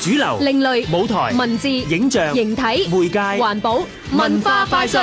主流、另類、舞台、文字、影像、形體、媒介、環保、文化、快訊。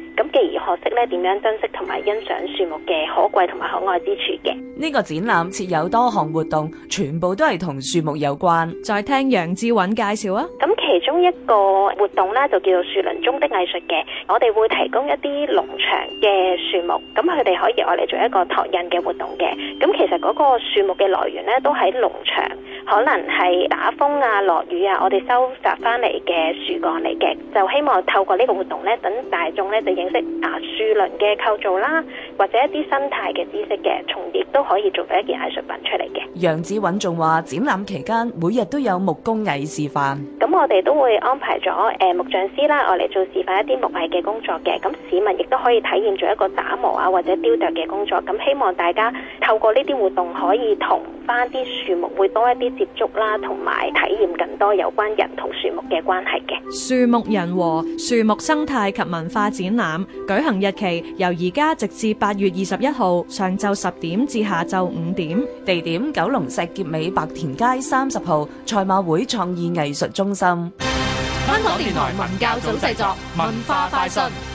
咁進而學識咧點樣珍惜同埋欣賞樹木嘅可貴同埋可愛之處嘅。呢個展覽設有多項活動，全部都係同樹木有關。再聽楊志允介紹啊！其中一個活動咧就叫做樹林中的藝術嘅，我哋會提供一啲農場嘅樹木，咁佢哋可以由我哋做一個拓印嘅活動嘅。咁其實嗰個樹木嘅來源呢，都喺農場，可能係打風啊、落雨啊，我哋收集翻嚟嘅樹幹嚟嘅，就希望透過呢個活動呢，等大眾呢，就認識啊樹嘅構造啦，或者一啲生態嘅知識嘅重疊都可以做咗一件藝術品出嚟嘅。楊子韻仲話：展覽期間每日都有木工藝示範，咁我哋都會安排咗誒木匠師啦，我嚟做示範一啲木藝嘅工作嘅。咁市民亦都可以體驗做一個打磨啊或者雕琢嘅工作。咁希望大家透過呢啲活動可以同翻啲樹木會多一啲接觸啦，同埋睇。驗更多有關人同樹木嘅關係嘅樹木。人和樹木生態及文化展覽，舉行日期由而家直至八月二十一號，上晝十點至下晝五點，地點九龍石硤尾白田街三十號賽馬會創意藝術中心。香港電台文教組製作文化快訊。